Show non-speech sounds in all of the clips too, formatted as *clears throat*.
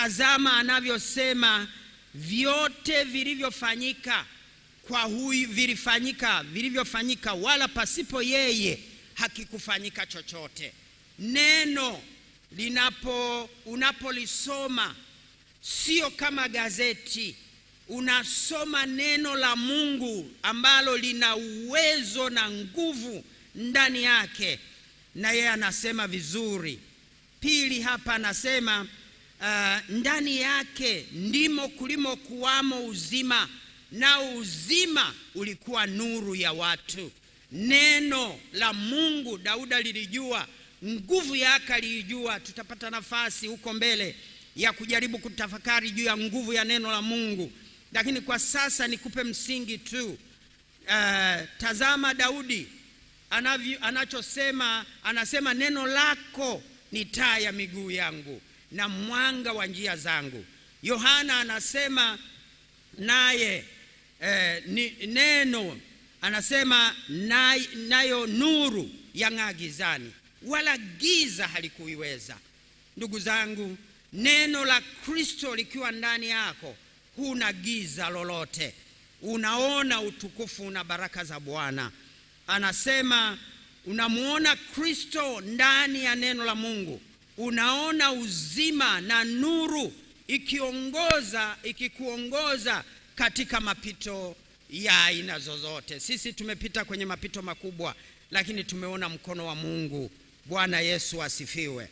tazama anavyosema, vyote vilivyofanyika kwa huyu vilifanyika, vilivyofanyika wala pasipo yeye hakikufanyika chochote. Neno linapo unapolisoma sio kama gazeti, unasoma neno la Mungu ambalo lina uwezo na nguvu ndani yake, na yeye anasema vizuri. Pili hapa anasema uh, ndani yake ndimo kulimo kuwamo uzima, na uzima ulikuwa nuru ya watu. Neno la Mungu Dauda lilijua nguvu yake, aliijua. Tutapata nafasi huko mbele ya kujaribu kutafakari juu ya nguvu ya neno la Mungu, lakini kwa sasa nikupe msingi tu. Uh, tazama Daudi anavyo, anachosema anasema, neno lako ni taa ya miguu yangu na mwanga wa njia zangu. Yohana anasema naye eh, ni neno anasema nay, nayo nuru yang'aa gizani wala giza halikuiweza. Ndugu zangu, neno la Kristo likiwa ndani yako, huna giza lolote. Unaona utukufu na baraka za Bwana. Anasema unamwona Kristo ndani ya neno la Mungu unaona uzima na nuru ikiongoza ikikuongoza katika mapito ya aina zozote. Sisi tumepita kwenye mapito makubwa, lakini tumeona mkono wa Mungu. Bwana Yesu asifiwe.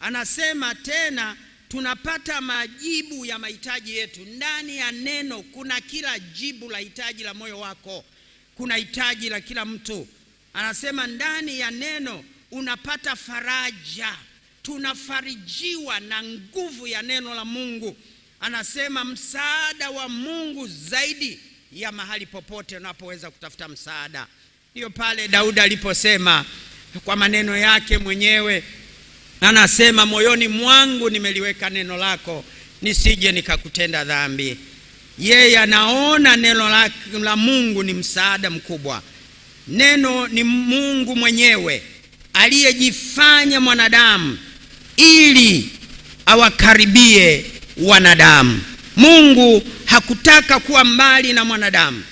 Anasema tena tunapata majibu ya mahitaji yetu ndani ya neno. Kuna kila jibu la hitaji la moyo wako, kuna hitaji la kila mtu. Anasema ndani ya neno unapata faraja tunafarijiwa na nguvu ya neno la Mungu. Anasema msaada wa Mungu zaidi ya mahali popote unapoweza kutafuta msaada. Ndiyo pale Daudi aliposema kwa maneno yake mwenyewe, anasema moyoni mwangu nimeliweka neno lako, nisije nikakutenda dhambi. Yeye anaona neno la, la Mungu ni msaada mkubwa. Neno ni Mungu mwenyewe aliyejifanya mwanadamu ili awakaribie wanadamu. Mungu hakutaka kuwa mbali na mwanadamu.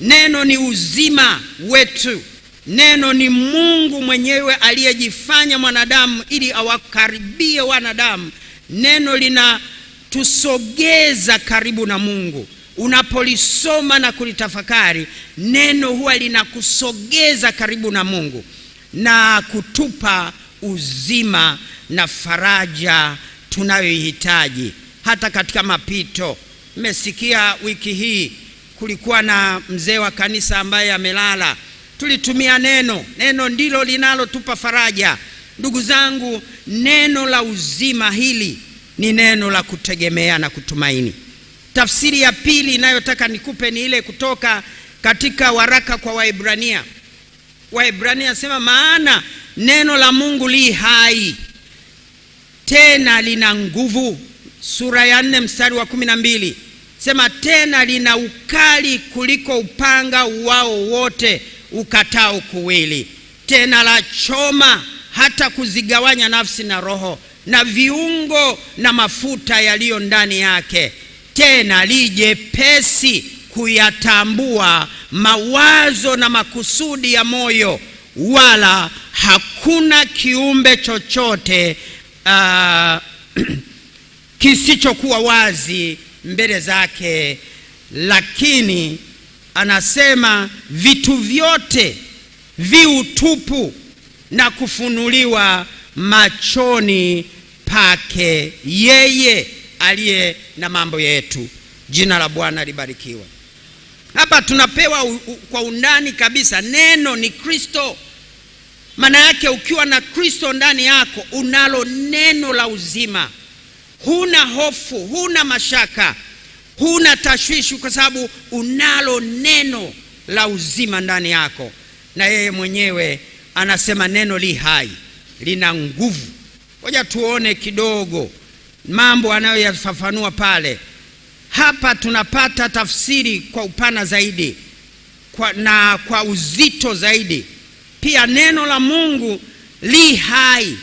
Neno ni uzima wetu. Neno ni Mungu mwenyewe aliyejifanya mwanadamu ili awakaribie wanadamu. Neno linatusogeza karibu na Mungu. Unapolisoma na kulitafakari, neno huwa linakusogeza karibu na Mungu na kutupa uzima na faraja tunayoihitaji hata katika mapito. Mmesikia wiki hii kulikuwa na mzee wa kanisa ambaye amelala. Tulitumia neno, neno ndilo linalotupa faraja. Ndugu zangu, neno la uzima hili ni neno la kutegemea na kutumaini. Tafsiri ya pili inayotaka nikupe ni ile kutoka katika waraka kwa Waebrania. Waebrania sema, maana neno la Mungu li hai tena lina nguvu. Sura ya nne mstari wa kumi na mbili sema tena lina ukali kuliko upanga wao wote ukatao kuwili, tena la choma hata kuzigawanya nafsi na roho na viungo na mafuta yaliyo ndani yake, tena lijepesi kuyatambua mawazo na makusudi ya moyo, wala hakuna kiumbe chochote uh, *clears throat* kisichokuwa wazi mbele zake, lakini anasema vitu vyote viutupu na kufunuliwa machoni pake yeye aliye na mambo yetu. Jina la Bwana libarikiwe. Hapa tunapewa u, u, kwa undani kabisa, neno ni Kristo maana yake ukiwa na Kristo ndani yako unalo neno la uzima, huna hofu, huna mashaka, huna tashwishi, kwa sababu unalo neno la uzima ndani yako. Na yeye mwenyewe anasema neno li hai, lina nguvu. Ngoja tuone kidogo mambo anayoyafafanua pale. Hapa tunapata tafsiri kwa upana zaidi kwa, na kwa uzito zaidi pia neno la Mungu li hai,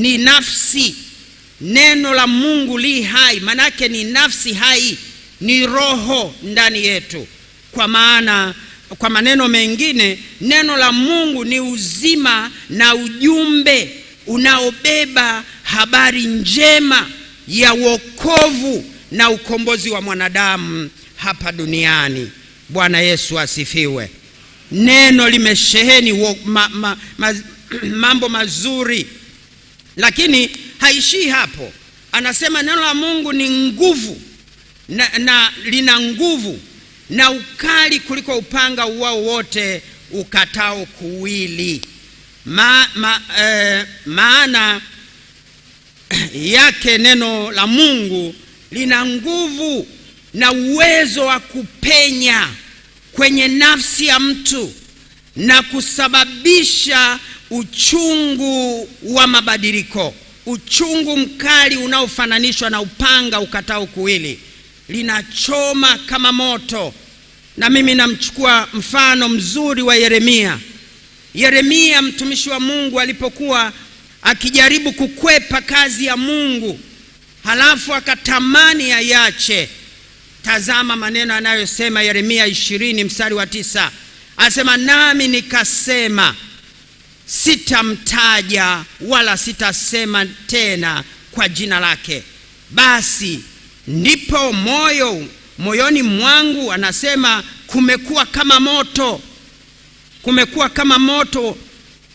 ni nafsi. Neno la Mungu li hai, maanake ni nafsi hai, ni roho ndani yetu. Kwa maana kwa maneno mengine, neno la Mungu ni uzima na ujumbe unaobeba habari njema ya wokovu na ukombozi wa mwanadamu hapa duniani. Bwana Yesu asifiwe. Neno limesheheni ma, ma, ma, *clears throat* mambo mazuri, lakini haishii hapo. Anasema neno la Mungu ni nguvu na, na lina nguvu na ukali kuliko upanga uwao wote ukatao kuwili ma, ma, eh, maana yake neno la Mungu lina nguvu na uwezo wa kupenya kwenye nafsi ya mtu na kusababisha uchungu wa mabadiliko, uchungu mkali unaofananishwa na upanga ukatao kuwili, linachoma kama moto. Na mimi namchukua mfano mzuri wa Yeremia. Yeremia mtumishi wa Mungu alipokuwa akijaribu kukwepa kazi ya Mungu, halafu akatamani ayache Tazama maneno anayosema Yeremia ishirini mstari wa tisa asema, nami nikasema sitamtaja wala sitasema tena kwa jina lake. Basi ndipo moyo moyoni mwangu anasema kumekuwa kama moto, kumekuwa kama moto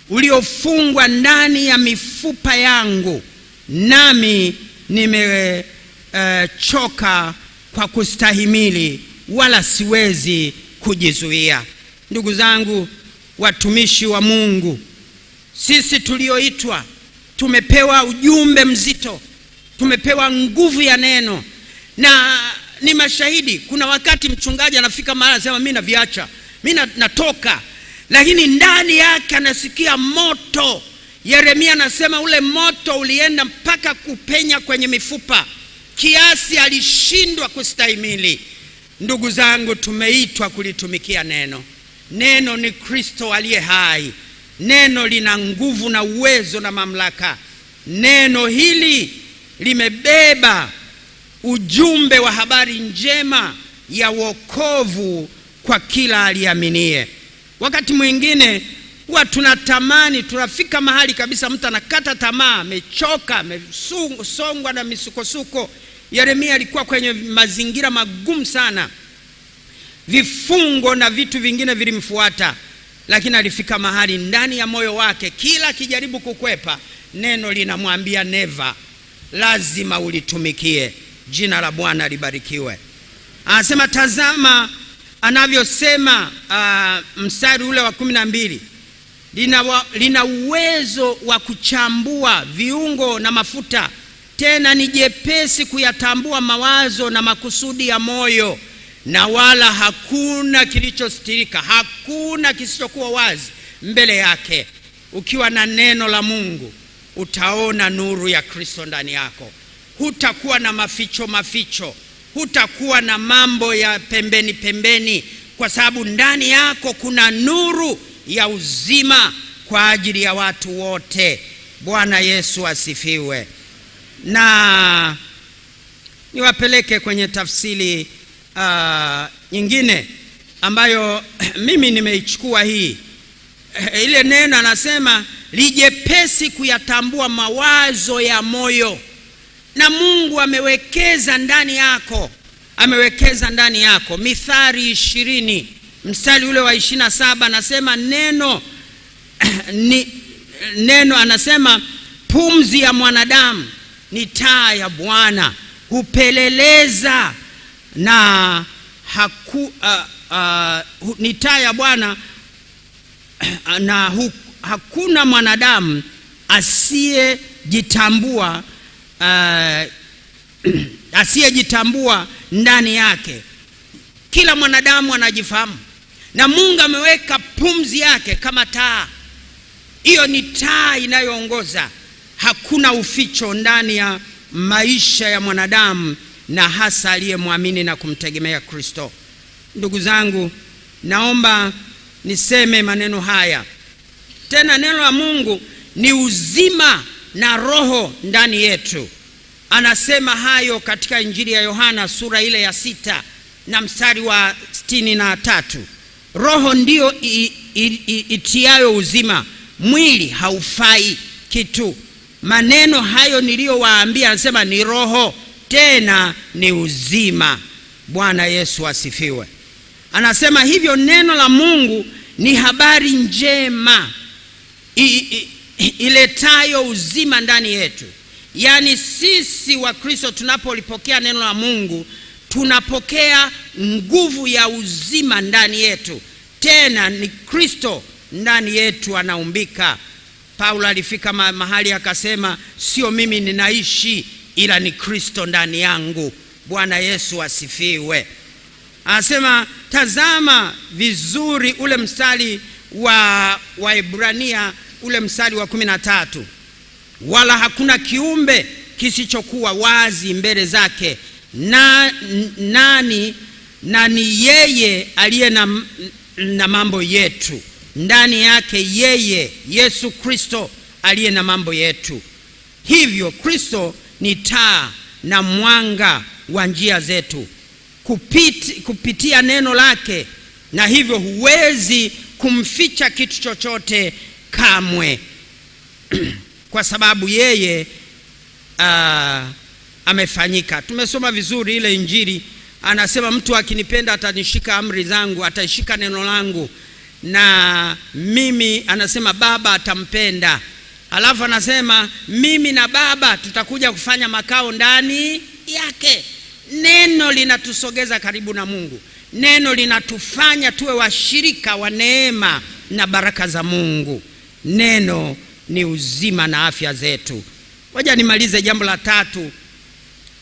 uliofungwa ndani ya mifupa yangu, nami nimechoka eh, uh, kwa kustahimili, wala siwezi kujizuia. Ndugu zangu watumishi wa Mungu, sisi tulioitwa tumepewa ujumbe mzito, tumepewa nguvu ya neno na ni mashahidi. Kuna wakati mchungaji anafika mahali anasema, mimi naviacha, mimi natoka, lakini ndani yake anasikia moto. Yeremia anasema ule moto ulienda mpaka kupenya kwenye mifupa kiasi alishindwa kustahimili. Ndugu zangu, tumeitwa kulitumikia neno. Neno ni Kristo aliye hai. Neno lina nguvu na uwezo na mamlaka. Neno hili limebeba ujumbe wa habari njema ya wokovu kwa kila aliaminie. Wakati mwingine huwa tunatamani, tunafika mahali kabisa, mtu anakata tamaa, amechoka, amesongwa na misukosuko Yeremia alikuwa kwenye mazingira magumu sana, vifungo na vitu vingine vilimfuata, lakini alifika mahali ndani ya moyo wake, kila akijaribu kukwepa, neno linamwambia neva, lazima ulitumikie. Jina la Bwana libarikiwe. Anasema, tazama anavyosema uh, mstari ule wa kumi na mbili lina uwezo wa kuchambua viungo na mafuta tena ni jepesi kuyatambua mawazo na makusudi ya moyo, na wala hakuna kilichostirika, hakuna kisichokuwa wazi mbele yake. Ukiwa na neno la Mungu utaona nuru ya Kristo ndani yako, hutakuwa na maficho maficho, hutakuwa na mambo ya pembeni pembeni, kwa sababu ndani yako kuna nuru ya uzima kwa ajili ya watu wote. Bwana Yesu asifiwe na niwapeleke kwenye tafsiri uh, nyingine ambayo *clears throat* mimi nimeichukua hii eh, ile neno anasema lijepesi kuyatambua mawazo ya moyo, na Mungu amewekeza ndani yako, amewekeza ndani yako. Mithali ishirini mstari ule wa ishirini na saba anasema neno *clears throat* ni, neno anasema pumzi ya mwanadamu ni taa ya Bwana, hupeleleza na haku, uh, uh, ni taa ya Bwana na hu, hakuna mwanadamu asiyejitambua uh, *clears throat* asiyejitambua ndani yake. Kila mwanadamu anajifahamu, na Mungu ameweka pumzi yake kama taa. Hiyo ni taa inayoongoza Hakuna uficho ndani ya maisha ya mwanadamu na hasa aliyemwamini na kumtegemea Kristo. Ndugu zangu, naomba niseme maneno haya tena. Neno la Mungu ni uzima na roho ndani yetu. Anasema hayo katika Injili ya Yohana sura ile ya sita na mstari wa sitini na tatu. Roho ndiyo itiayo uzima, mwili haufai kitu maneno hayo niliyowaambia, anasema ni roho tena ni uzima. Bwana Yesu asifiwe. Anasema hivyo neno la Mungu ni habari njema i, i, iletayo uzima ndani yetu. Yaani sisi wa kristo tunapolipokea neno la Mungu tunapokea nguvu ya uzima ndani yetu, tena ni Kristo ndani yetu anaumbika. Paulo alifika mahali akasema, sio mimi ninaishi, ila ni Kristo ndani yangu. Bwana Yesu asifiwe. Anasema, tazama vizuri ule mstari wa Waebrania ule mstari wa kumi na tatu, wala hakuna kiumbe kisichokuwa wazi mbele zake na, nani na ni yeye aliye na, na mambo yetu ndani yake yeye Yesu Kristo aliye na mambo yetu. Hivyo Kristo ni taa na mwanga wa njia zetu kupiti, kupitia neno lake, na hivyo huwezi kumficha kitu chochote kamwe *clears throat* kwa sababu yeye uh, amefanyika. Tumesoma vizuri ile Injili, anasema mtu akinipenda atanishika amri zangu, ataishika neno langu na mimi, anasema baba atampenda. Alafu anasema mimi na baba tutakuja kufanya makao ndani yake. Neno linatusogeza karibu na Mungu. Neno linatufanya tuwe washirika wa neema na baraka za Mungu. Neno ni uzima na afya zetu. Ngoja nimalize jambo la tatu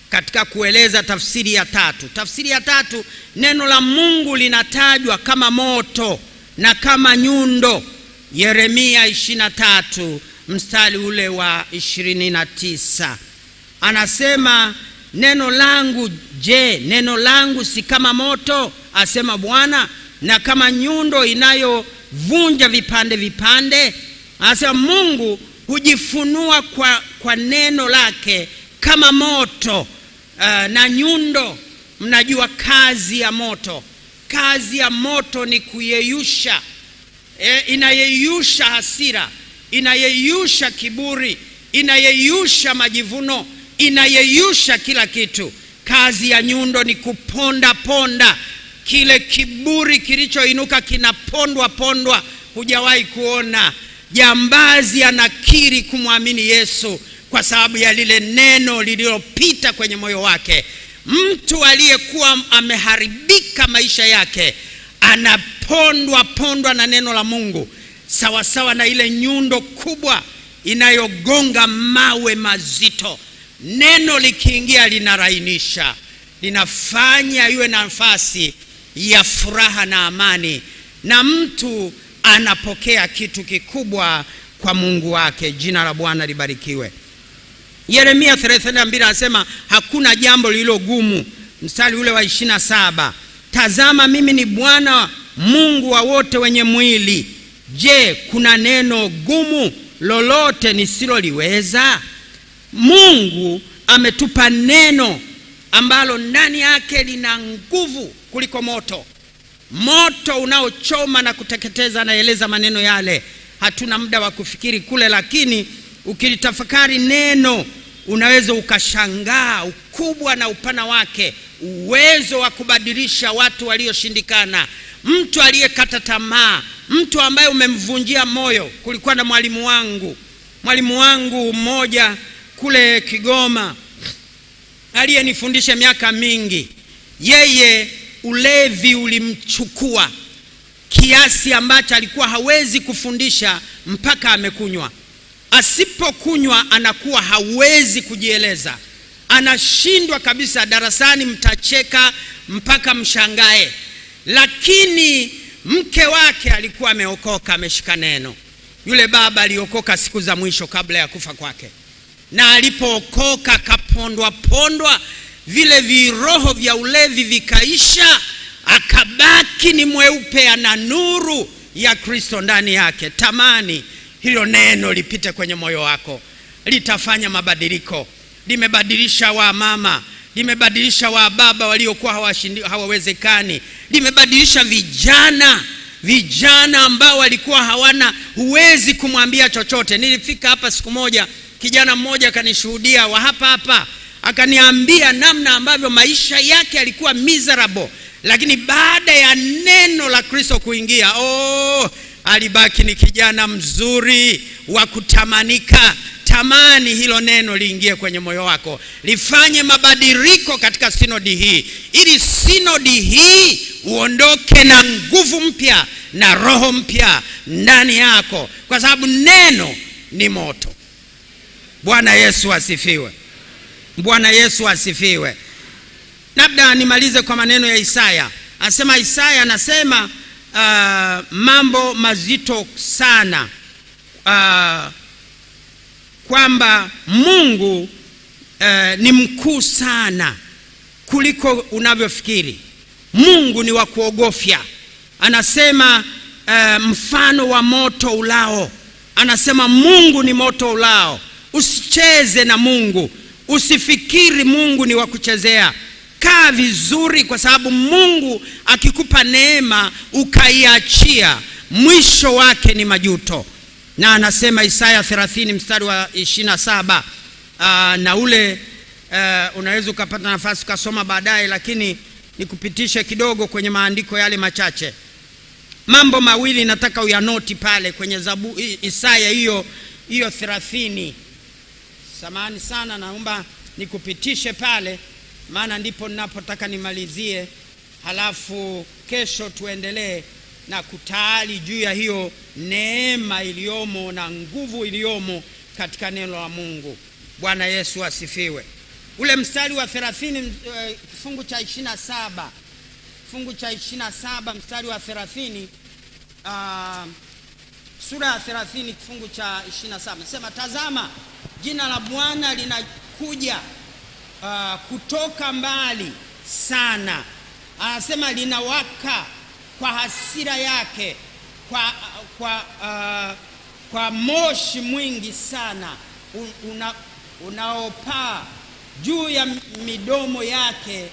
katika kueleza tafsiri ya tatu. Tafsiri ya tatu, neno la Mungu linatajwa kama moto na kama nyundo. Yeremia 23 mstari ule wa 29 anasema neno langu, je, neno langu si kama moto, asema Bwana, na kama nyundo inayovunja vipande vipande? Anasema Mungu hujifunua kwa, kwa neno lake kama moto uh, na nyundo. Mnajua kazi ya moto Kazi ya moto ni kuyeyusha e, inayeyusha hasira, inayeyusha kiburi, inayeyusha majivuno, inayeyusha kila kitu. Kazi ya nyundo ni kuponda ponda kile kiburi kilichoinuka, kinapondwa pondwa. Hujawahi kuona jambazi anakiri kumwamini Yesu kwa sababu ya lile neno lililopita kwenye moyo wake. Mtu aliyekuwa ameharibika maisha yake anapondwa pondwa na neno la Mungu sawasawa na ile nyundo kubwa inayogonga mawe mazito. Neno likiingia linarainisha, linafanya iwe na nafasi ya furaha na amani, na mtu anapokea kitu kikubwa kwa Mungu wake. Jina la Bwana libarikiwe. Yeremia 32 anasema hakuna jambo lililo gumu. Mstari ule wa 27 saba tazama mimi ni Bwana Mungu wa wote wenye mwili. Je, kuna neno gumu lolote nisiloliweza? Mungu ametupa neno ambalo ndani yake lina nguvu kuliko moto, moto unaochoma na kuteketeza. Anaeleza maneno yale, hatuna muda wa kufikiri kule, lakini Ukilitafakari neno unaweza ukashangaa ukubwa na upana wake, uwezo wa kubadilisha watu walioshindikana, mtu aliyekata tamaa, mtu ambaye umemvunjia moyo. Kulikuwa na mwalimu wangu mwalimu wangu mmoja kule Kigoma aliyenifundisha miaka mingi. Yeye ulevi ulimchukua kiasi ambacho alikuwa hawezi kufundisha mpaka amekunywa asipokunywa anakuwa hawezi kujieleza, anashindwa kabisa. Darasani mtacheka mpaka mshangae, lakini mke wake alikuwa ameokoka, ameshika neno. Yule baba aliokoka siku za mwisho kabla ya kufa kwake, na alipookoka kapondwa pondwa, vile viroho vya ulevi vikaisha, akabaki ni mweupe, ana nuru ya Kristo ndani yake. Tamani hilo neno lipite kwenye moyo wako, litafanya mabadiliko. Limebadilisha wa mama, limebadilisha wa baba waliokuwa hawawezekani, limebadilisha vijana vijana ambao walikuwa hawana, huwezi kumwambia chochote. Nilifika hapa siku moja, kijana mmoja akanishuhudia wa hapa hapa, akaniambia namna ambavyo maisha yake yalikuwa miserable, lakini baada ya neno la Kristo kuingia oh, alibaki ni kijana mzuri wa kutamanika. Tamani hilo neno liingie kwenye moyo wako, lifanye mabadiliko katika sinodi hii, ili sinodi hii uondoke na nguvu mpya na roho mpya ndani yako, kwa sababu neno ni moto. Bwana Yesu asifiwe! Bwana Yesu asifiwe! Labda nimalize kwa maneno ya Isaya, asema Isaya anasema uh, mambo mazito sana uh, kwamba Mungu uh, ni mkuu sana kuliko unavyofikiri. Mungu ni wa kuogofya. Anasema uh, mfano wa moto ulao, anasema Mungu ni moto ulao. Usicheze na Mungu, usifikiri Mungu ni wa kuchezea. Kaa vizuri, kwa sababu Mungu akikupa neema ukaiachia, mwisho wake ni majuto. Na anasema Isaya 30 mstari wa 27, uh, ah, na ule uh, unaweza ukapata nafasi ukasoma baadaye, lakini nikupitishe kidogo kwenye maandiko yale machache. Mambo mawili nataka uyanoti pale kwenye zabu, Isaya hiyo hiyo 30. Samahani sana, naomba nikupitishe pale maana ndipo ninapotaka nimalizie, halafu kesho tuendelee na kutayari juu ya hiyo neema iliyomo na nguvu iliyomo katika neno la Mungu. Bwana Yesu asifiwe. Ule mstari wa 30 eh, kifungu cha 27 kifungu cha 27 mstari wa 30 uh, ah, sura ya 30 kifungu cha 27 sema, tazama jina la Bwana linakuja uh, kutoka mbali sana. Anasema linawaka kwa hasira yake kwa, kwa, uh, kwa moshi mwingi sana una, unaopaa juu ya midomo yake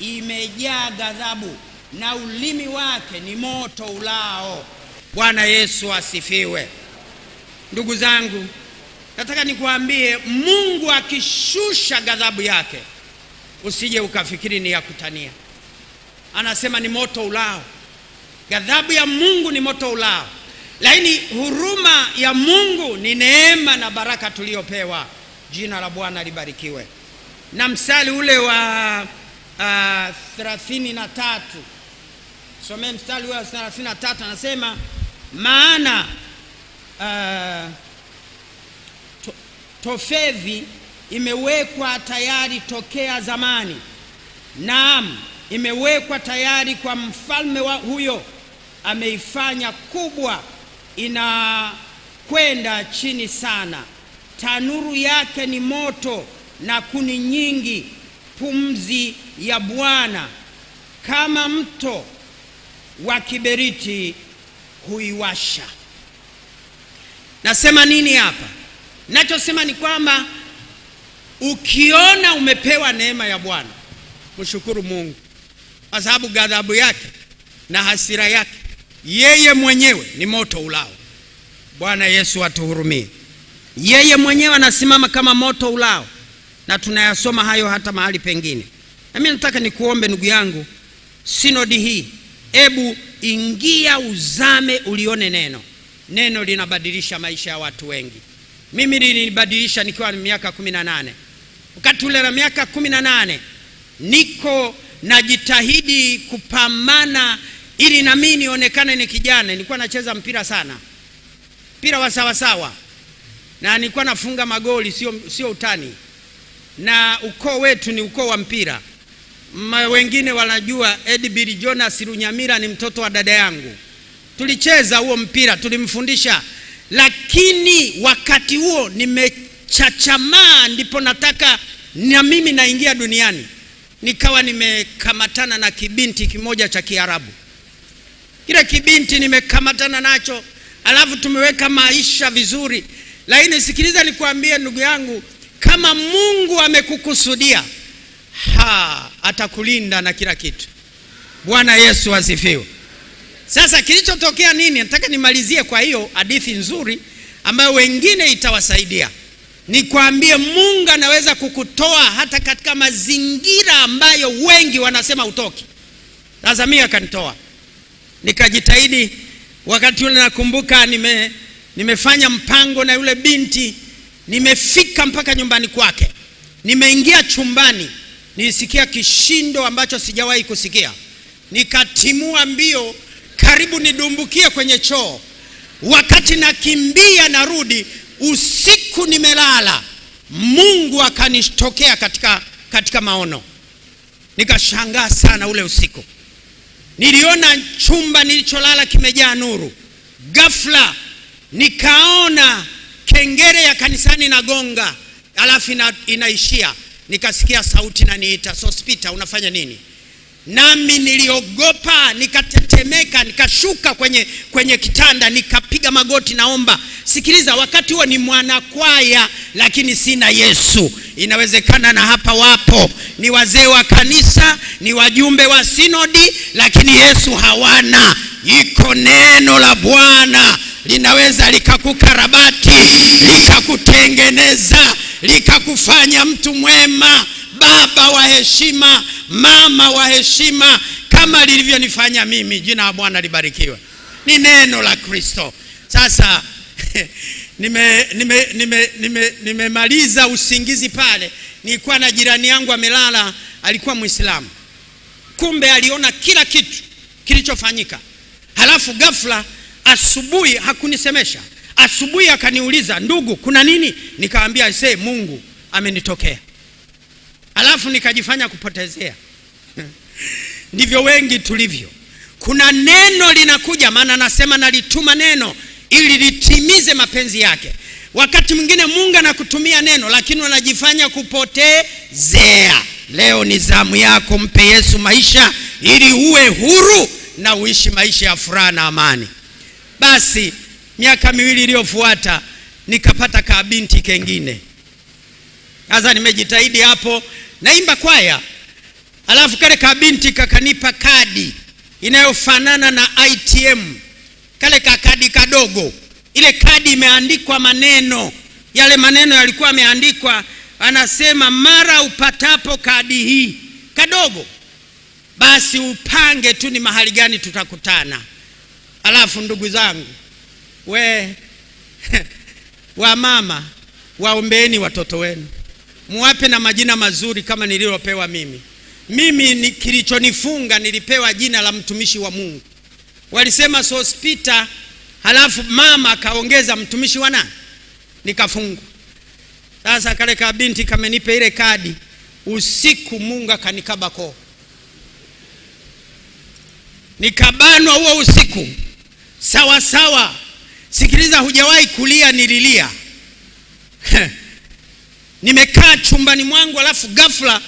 imejaa ghadhabu na ulimi wake ni moto ulao. Bwana Yesu asifiwe, ndugu zangu. Nataka nikuambie, Mungu akishusha ghadhabu yake usije ukafikiri ni ya kutania. Anasema ni moto ulao. Ghadhabu ya Mungu ni moto ulao, lakini huruma ya Mungu ni neema na baraka tuliyopewa. Jina la Bwana libarikiwe. Na mstari ule wa ah, thelathini na tatu somee mstari ule wa thelathini na tatu anasema maana uh, tofevi imewekwa tayari tokea zamani. Naam, imewekwa tayari kwa mfalme wa huyo, ameifanya kubwa, inakwenda chini sana. Tanuru yake ni moto na kuni nyingi, pumzi ya Bwana kama mto wa kiberiti huiwasha. Nasema nini hapa? Nachosema ni kwamba ukiona umepewa neema ya Bwana mshukuru Mungu, kwa sababu ghadhabu yake na hasira yake yeye mwenyewe ni moto ulao. Bwana Yesu atuhurumie. Yeye mwenyewe anasimama kama moto ulao, na tunayasoma hayo hata mahali pengine. Nami nataka nikuombe ndugu yangu, sinodi hii, ebu ingia, uzame, ulione neno. Neno linabadilisha maisha ya watu wengi. Mimi nilinibadilisha nikiwa na miaka kumi na nane. Wakati ule na miaka kumi na nane niko najitahidi kupambana ili na mimi nionekane ni kijana. Nilikuwa nacheza mpira sana, mpira wa sawasawa, na nilikuwa nafunga magoli, sio sio utani. Na ukoo wetu ni ukoo wa mpira. Ma wengine wanajua edbir Jonas Runyamira ni mtoto wa dada yangu. Tulicheza huo mpira, tulimfundisha lakini wakati huo nimechachamaa, ndipo nataka na mimi naingia duniani. Nikawa nimekamatana na kibinti kimoja cha Kiarabu, kile kibinti nimekamatana nacho, alafu tumeweka maisha vizuri. Lakini sikiliza, nikuambie, ndugu yangu, kama Mungu amekukusudia ha, atakulinda na kila kitu. Bwana Yesu asifiwe. Sasa kilichotokea nini? Nataka nimalizie kwa hiyo hadithi nzuri ambayo wengine itawasaidia. Nikwambie, Mungu anaweza kukutoa hata katika mazingira ambayo wengi wanasema utoki. Sasa mimi akanitoa, nikajitahidi. Wakati ule nakumbuka nime, nimefanya mpango na yule binti, nimefika mpaka nyumbani kwake, nimeingia chumbani, nilisikia kishindo ambacho sijawahi kusikia, nikatimua mbio karibu nidumbukie kwenye choo, wakati nakimbia narudi usiku nimelala, Mungu akanitokea katika, katika maono. Nikashangaa sana ule usiku, niliona chumba nilicholala kimejaa nuru. Ghafla nikaona kengele ya kanisani inagonga, alafu ina, inaishia. Nikasikia sauti naniita, Sospita, unafanya nini? nami niliogopa nikatetemeka, nikashuka kwenye, kwenye kitanda nikapiga magoti, naomba. Sikiliza, wakati huo ni mwanakwaya, lakini sina Yesu. Inawezekana na hapa wapo ni wazee wa kanisa, ni wajumbe wa sinodi, lakini Yesu hawana. Iko neno la Bwana linaweza likakukarabati, likakutengeneza, likakufanya mtu mwema baba wa heshima, mama wa heshima, kama lilivyonifanya mimi. Jina la Bwana libarikiwe. Ni neno la Kristo. Sasa nimemaliza *laughs* nime, nime, nime, nime usingizi pale, nilikuwa na jirani yangu amelala, alikuwa Mwislamu. Kumbe aliona kila kitu kilichofanyika, halafu ghafla asubuhi hakunisemesha. Asubuhi akaniuliza, ndugu, kuna nini? Nikamwambia, se Mungu amenitokea alafu nikajifanya kupotezea *laughs* ndivyo wengi tulivyo. Kuna neno linakuja, maana nasema nalituma neno ili litimize mapenzi yake. Wakati mwingine Mungu anakutumia neno, lakini unajifanya kupotezea. Leo ni zamu yako, mpe Yesu maisha ili uwe huru na uishi maisha ya furaha na amani. Basi miaka miwili iliyofuata nikapata kabinti kengine. Sasa nimejitahidi hapo naimba kwaya, alafu kale kabinti kakanipa kadi inayofanana na ITM, kale kakadi kadogo. Ile kadi imeandikwa maneno yale, maneno yalikuwa yameandikwa, anasema mara upatapo kadi hii kadogo, basi upange tu ni mahali gani tutakutana. Alafu ndugu zangu, we *laughs* wamama, waombeeni watoto wenu muwape na majina mazuri kama nililopewa mimi. Mimi ni kilichonifunga, nilipewa jina la mtumishi wa Mungu, walisema Sospeter, halafu mama akaongeza mtumishi wa nani, nikafungwa. Sasa kale ka binti kamenipe ile kadi usiku, Mungu akanikaba koo, nikabanwa huo usiku sawa sawa. Sikiliza, hujawahi kulia, nililia *laughs* nimekaa chumbani mwangu, alafu ghafla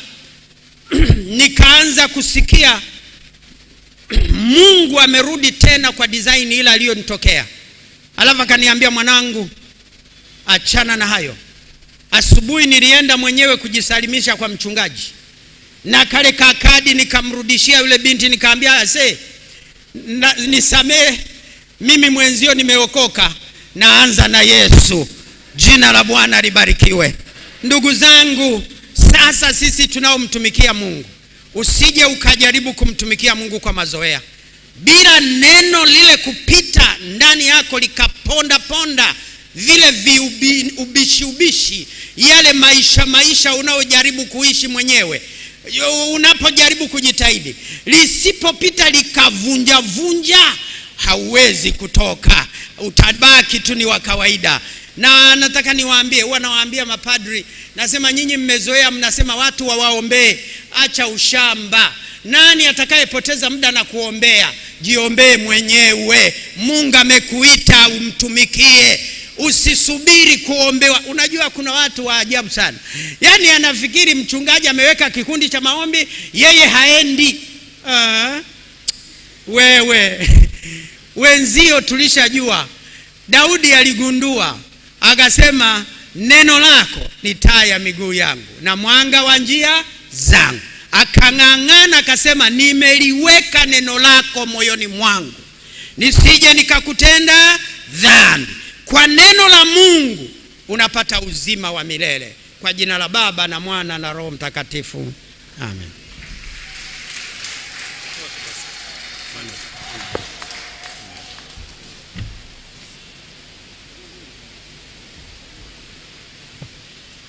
*clears throat* nikaanza kusikia *clears throat* Mungu amerudi tena kwa design ile aliyonitokea. Alafu akaniambia, mwanangu, achana na hayo. Asubuhi nilienda mwenyewe kujisalimisha kwa mchungaji, na kale kakadi nikamrudishia yule binti, nikaambia ase na, nisamee mimi mwenzio nimeokoka, naanza na Yesu. Jina la Bwana libarikiwe. Ndugu zangu, sasa sisi tunaomtumikia Mungu, usije ukajaribu kumtumikia Mungu kwa mazoea, bila neno lile kupita ndani yako likaponda ponda vile viubishi ubishi, ubishi yale maisha maisha unaojaribu kuishi mwenyewe unapojaribu kujitahidi, lisipopita likavunjavunja, hauwezi kutoka, utabaki tu ni wa kawaida na nataka niwaambie, huwa nawaambia mapadri, nasema nyinyi mmezoea, mnasema watu wawaombee. Acha ushamba. Nani atakayepoteza muda na kuombea? Jiombee mwenyewe. Mungu amekuita umtumikie, usisubiri kuombewa. Unajua kuna watu wa ajabu sana, yaani anafikiri mchungaji ameweka kikundi cha maombi, yeye haendi. Aa, ah. wewe *laughs* wenzio tulishajua Daudi aligundua akasema neno lako ni taa ya miguu yangu na mwanga wa njia zangu. Akang'ang'ana akasema, nimeliweka neno lako moyoni mwangu nisije nikakutenda dhambi. Kwa neno la Mungu unapata uzima wa milele. Kwa jina la Baba na Mwana na Roho Mtakatifu, amen.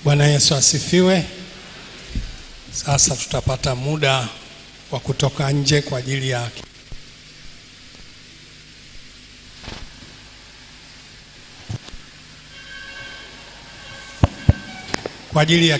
Bwana Yesu asifiwe. Sasa tutapata muda wa kutoka nje kwa ajili ya kwa ajili ya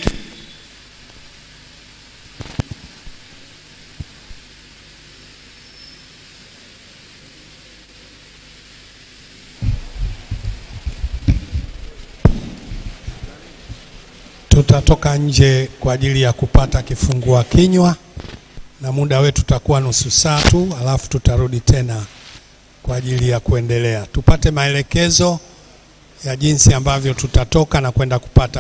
tutatoka nje kwa ajili ya kupata kifungua kinywa, na muda wetu tutakuwa nusu saa tu, alafu tutarudi tena kwa ajili ya kuendelea, tupate maelekezo ya jinsi ambavyo tutatoka na kwenda kupata